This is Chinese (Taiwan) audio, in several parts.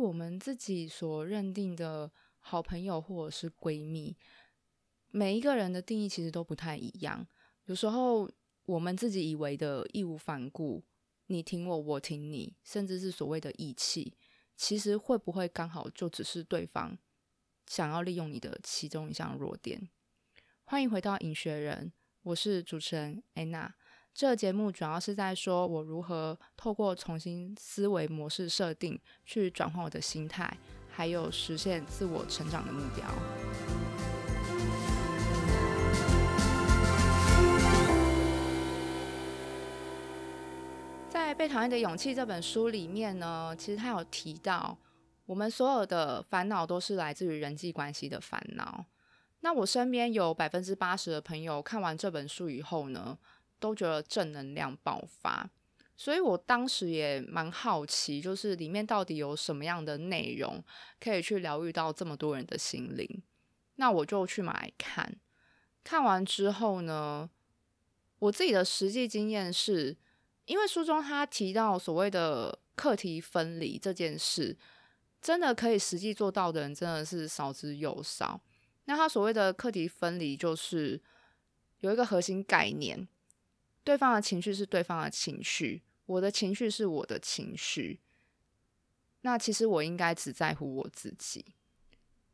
我們自己所認定的好朋友或者是閨蜜，每一個人的定義其實都不太一樣。有時候我們自己以為的義無反顧，你挺我，我挺你，甚至是所謂的義氣，其實會不會剛好就只是對方想要利用你的其中一項弱點？歡迎回到《癮學人》，我是主持人安娜。這個節目主要是在說，我如何透過重新思維模式設定，去轉換我的心態，還有實現自我成長的目標。在《被討厭的勇氣》這本書裡面呢，其實他有提到，我們所有的煩惱都是來自於人際關係的煩惱。那我身邊有百分之八十的朋友看完這本書以後呢，都覺得正能量爆發，所以我當時也蠻好奇，就是裡面到底有什麼樣的內容可以去療癒到這麼多人的心靈？那我就去買看。看完之後呢，我自己的實際經驗是，因為書中他提到所謂的課題分離這件事，真的可以實際做到的人真的是少之又少。那他所謂的課題分離，就是有一個核心概念。對方的情緒是對方的情緒，我的情緒是我的情緒。那其實我應該只在乎我自己。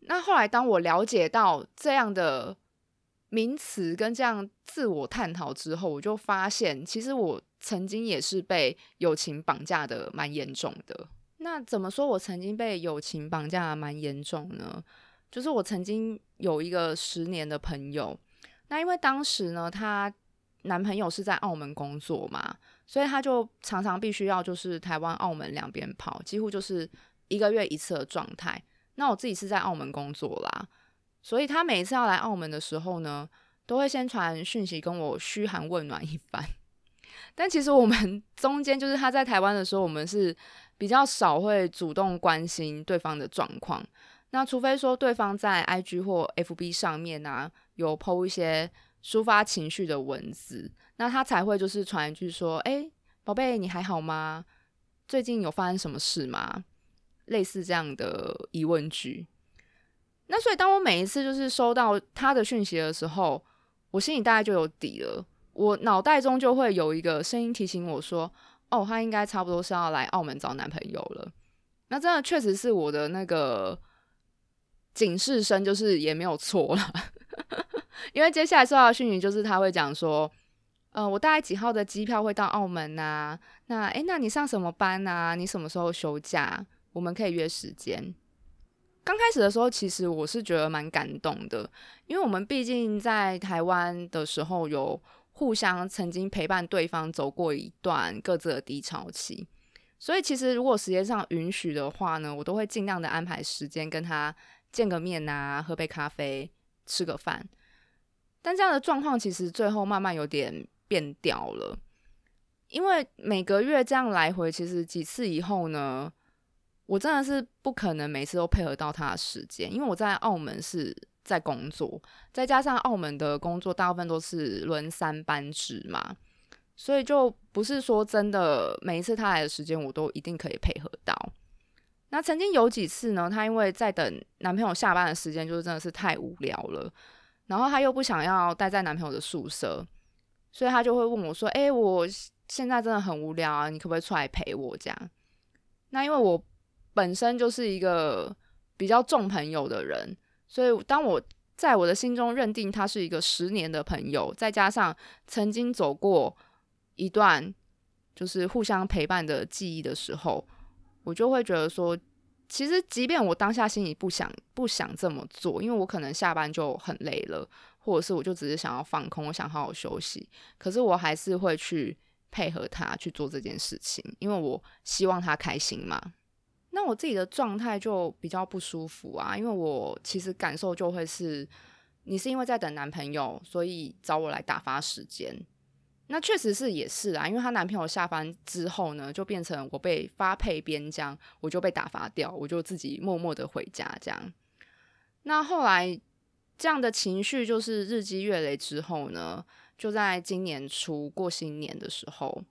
那後來，當我了解到這樣的名詞跟這樣自我探討之後，我就發現，其實我曾經也是被友情綁架得蠻嚴重的。那怎麼說我曾經被友情綁架得蠻嚴重呢？就是我曾經有一個十年的朋友，那因為當時呢，他男朋友是在澳門工作嘛，所以他就常常必須要就是台灣、澳門兩邊跑，幾乎就是一個月一次的狀態。那我自己是在澳門工作啦，所以他每一次要來澳門的時候呢，都會先傳訊息跟我噓寒問暖一番。但其實我們中間就是他在台灣的時候，我們是比較少會主動關心對方的狀況。那除非說對方在 IG 或 FB 上面啊，有 PO 一些。抒發情緒的文字，那他才會就是傳一句說：“誒，寶貝，你還好嗎？最近有發生什麼事嗎？”類似這樣的疑問句。那所以，當我每一次就是收到他的訊息的時候，我心裡大概就有底了，我腦袋中就會有一個聲音提醒我說：“哦，他應該差不多是要來澳門找男朋友了。”那真的確實是我的那個警示聲，就是也沒有錯了。因為接下來收到的訊息，就是他會講說，呃，我大概幾號的機票會到澳門啊，那，哎，那你上什麼班啊？你什麼時候休假？我們可以約時間。剛開始的時候，其實我是覺得蠻感動的，因為我們畢竟在台灣的時候有互相曾經陪伴對方走過一段各自的低潮期，所以其實如果時間上允許的話呢，我都會盡量的安排時間跟他見個面啊，喝杯咖啡，吃個飯。但這樣的狀況其實最後慢慢有點變掉了，因為每個月這樣來回其實幾次以後呢，我真的是不可能每次都配合到他的時間，因為我在澳門是在工作，再加上澳門的工作大部分都是輪三班制嘛，所以就不是說真的每一次他來的時間我都一定可以配合到。那曾經有幾次呢，他因為在等男朋友下班的時間，就是真的是太無聊了。然後她又不想要待在男朋友的宿舍，所以她就會問我說：“哎、欸，我現在真的很無聊啊，你可不可以出來陪我這樣？”那因為我本身就是一個比較重朋友的人，所以當我在我的心中認定他是一個十年的朋友，再加上曾經走過一段就是互相陪伴的記憶的時候，我就會覺得說。其實，即便我當下心裡不想、不想這麼做，因為我可能下班就很累了，或者是我就只是想要放空，我想好好休息。可是我還是會去配合他去做這件事情，因為我希望他開心嘛。那我自己的狀態就比較不舒服啊，因為我其實感受就會是，你是因為在等男朋友，所以找我來打發時間。那確實是也是啊，因為她男朋友下班之後呢，就變成我被發配邊疆，我就被打發掉，我就自己默默的回家這樣。那後來這樣的情緒就是日積月累之後呢，就在今年初過新年的時候，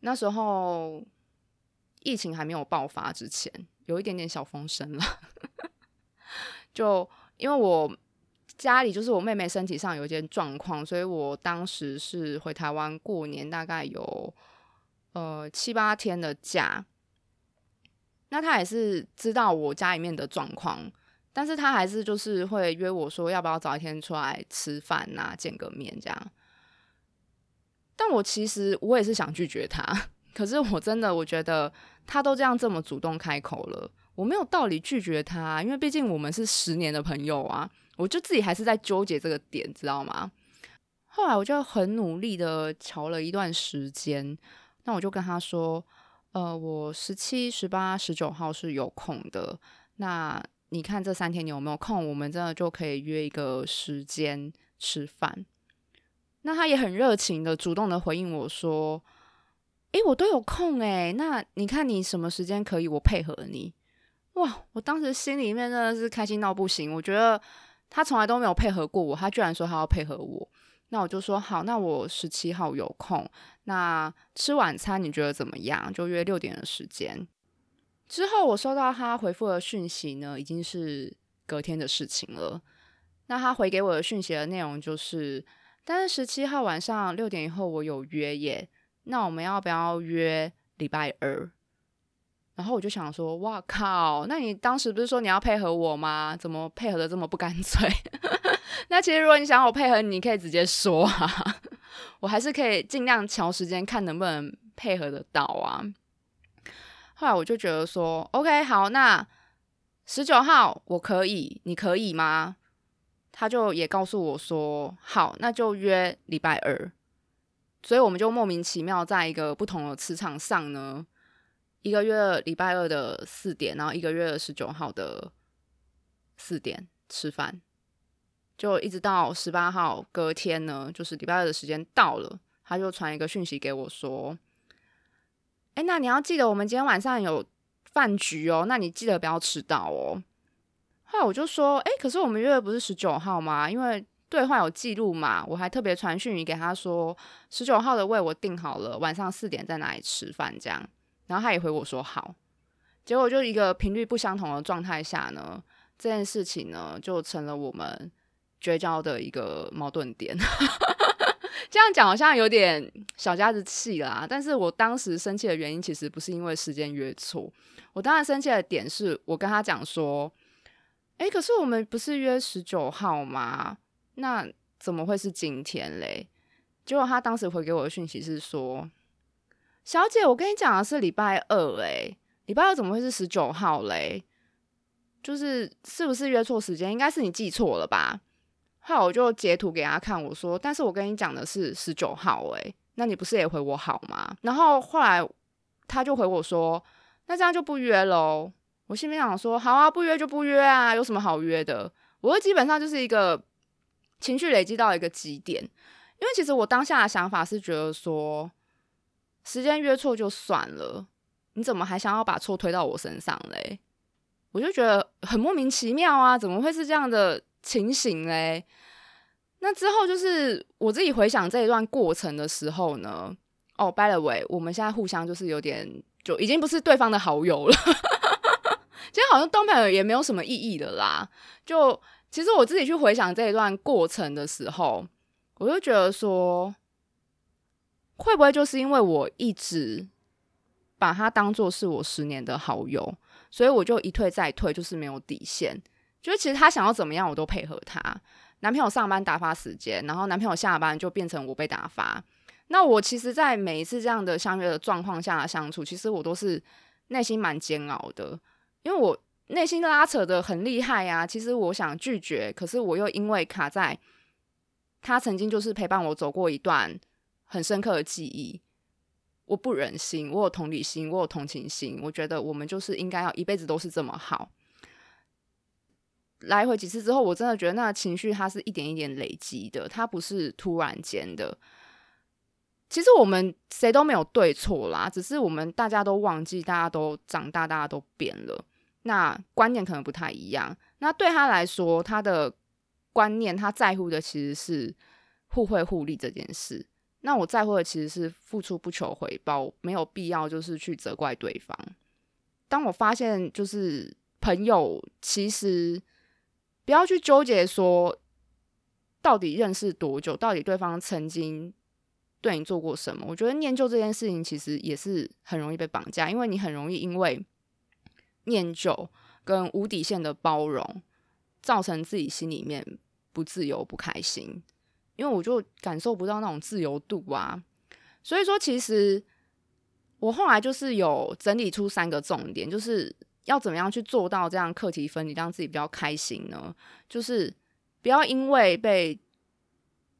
那時候疫情還沒有爆發之前，有一點點小風聲了， 就因為我。家裡就是我妹妹身體上有一件狀況，所以我當時是回台灣過年，大概有呃七八天的假。那他也是知道我家裡面的狀況，但是他還是就是會約我說，要不要找一天出來吃飯呐、啊，見個面這樣。但我其實我也是想拒絕他，可是我真的我覺得他都這樣這麼主動開口了。我沒有道理拒絕他，因為畢竟我們是十年的朋友啊。我就自己還是在糾結這個點，知道嗎？後來我就很努力的喬了一段時間，那我就跟他說：“呃，我十七、十八、十九號是有空的，那你看這三天你有沒有空？我們真的就可以約一個時間吃飯。”那他也很熱情的主動的回應我說：“誒、欸，我都有空誒、欸，那你看你什麼時間可以，我配合你。”哇！我當時心裡面真的是開心到不行。我覺得他從來都沒有配合過我，他居然說他要配合我，那我就說好，那我十七號有空，那吃晚餐你覺得怎麼樣？就約六點的時間。之後我收到他回復的訊息呢，已經是隔天的事情了。那他回給我的訊息的內容就是，但是十七號晚上六點以後我有約耶，那我們要不要約禮拜二？然後我就想說，哇靠！那你當時不是說你要配合我嗎？怎麼配合得這麼不乾脆？ 那其實如果你想要我配合你，你可以直接說啊， 我還是可以盡量喬時間，看能不能配合得到啊。後來我就覺得說，OK，好，那十九號我可以，你可以嗎？他就也告訴我說，好，那就約禮拜二。所以我們就莫名其妙在一個不同的磁場上呢。一個月禮拜二的四點，然後一個月十九號的四點吃飯，就一直到十八號隔天呢，就是禮拜二的時間到了，他就傳一個訊息給我說：“哎、欸，那你要記得我們今天晚上有飯局哦，那你記得不要遲到哦。”後來我就說：“哎、欸，可是我們約的不是十九號嘛，因為對話有記錄嘛，我還特別傳訊給他說，十九號的位我定好了，晚上四點在哪裡吃飯這樣。”然後他也回我說好，結果就一個頻率不相同的狀態下呢，這件事情呢就成了我們絕交的一個矛盾點。 這樣講好像有點小家子氣啦，但是我當時生氣的原因其實不是因為時間約錯，我當時生氣的點是我跟他講說，哎、欸，可是我們不是約十九號嗎？那怎麼會是今天嘞？結果他當時回給我的訊息是說。小姐，我跟你講的是禮拜二誒，禮拜二怎麼會是十九號嘞？就是是不是約錯時間？應該是你記錯了吧？後來我就截圖給他看，我說，但是我跟你講的是十九號誒，那你不是也回我好嗎？然後後來他就回我說，那這樣就不約咯。我心裡想說，好啊，不約就不約啊，有什麼好約的？我基本上就是一個情緒累積到一個極點，因為其實我當下的想法是覺得說。時間約錯就算了，你怎麼還想要把錯推到我身上嘞？我就覺得很莫名其妙啊，怎麼會是這樣的情形嘞？那之後就是我自己回想這一段過程的時候呢，哦，oh，by the way，我們現在互相就是有點就已經不是對方的好友了，其 實好像當朋友也沒有什麼意義的啦。就其實我自己去回想這一段過程的時候，我就覺得說。會不會就是因為我一直把他當做是我十年的好友，所以我就一退再退，就是沒有底線，就是其實他想要怎麼樣，我都配合他。男朋友上班打發時間，然後男朋友下班就變成我被打發。那我其實，在每一次這樣的相約的狀況下的相處，其實我都是內心蠻煎熬的，因為我內心拉扯的很厲害呀、啊。其實我想拒絕，可是我又因為卡在他曾經就是陪伴我走過一段。很深刻的記憶，我不忍心，我有同理心，我有同情心。我覺得我們就是應該要一輩子都是這麼好。來回幾次之後，我真的覺得那情緒它是一點一點累積的，它不是突然間的。其實我們誰都沒有對錯啦，只是我們大家都忘記，大家都長大，大家都變了。那觀念可能不太一樣。那對他來說，他的觀念，他在乎的其實是互惠互利這件事。那我在乎的其實是付出不求回報，沒有必要就是去責怪對方。當我發現，就是朋友，其實不要去糾結說到底認識多久，到底對方曾經對你做過什麼。我覺得念舊這件事情，其實也是很容易被綁架，因為你很容易因為念舊跟無底線的包容，造成自己心裡面不自由、不開心。因為我就感受不到那種自由度啊，所以說其實我後來就是有整理出三個重點，就是要怎麼樣去做到這樣課題分離，讓自己比較開心呢？就是不要因為被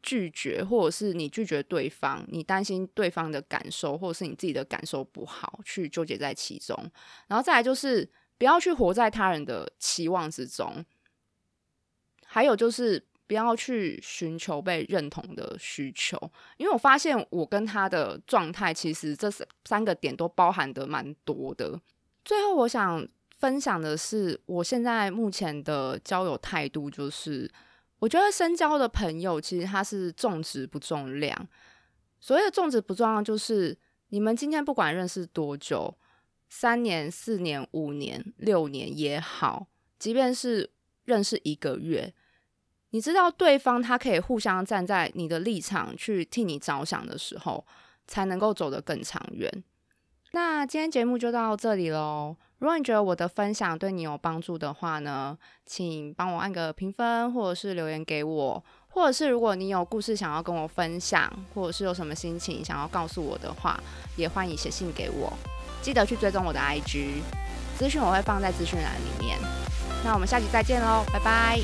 拒絕，或者是你拒絕對方，你擔心對方的感受，或者是你自己的感受不好，去糾結在其中。然後再來就是不要去活在他人的期望之中，還有就是。不要去尋求被認同的需求，因為我發現我跟他的狀態，其實這三三個點都包含的蠻多的。最後，我想分享的是，我現在目前的交友態度就是，我覺得深交的朋友其實他是重質不重量。所謂的重質不重量，就是你們今天不管認識多久，三年、四年、五年、六年也好，即便是認識一個月。你知道對方他可以互相站在你的立場去替你着想的時候，才能夠走得更長遠。那今天節目就到這裡嘍。如果你覺得我的分享對你有幫助的話呢，請幫我按個評分，或者是留言給我，或者是如果你有故事想要跟我分享，或者是有什麼心情想要告訴我的話，也歡迎寫信給我。記得去追蹤我的 IG，資訊我會放在資訊欄裡面。那我們下集再見嘍，拜拜。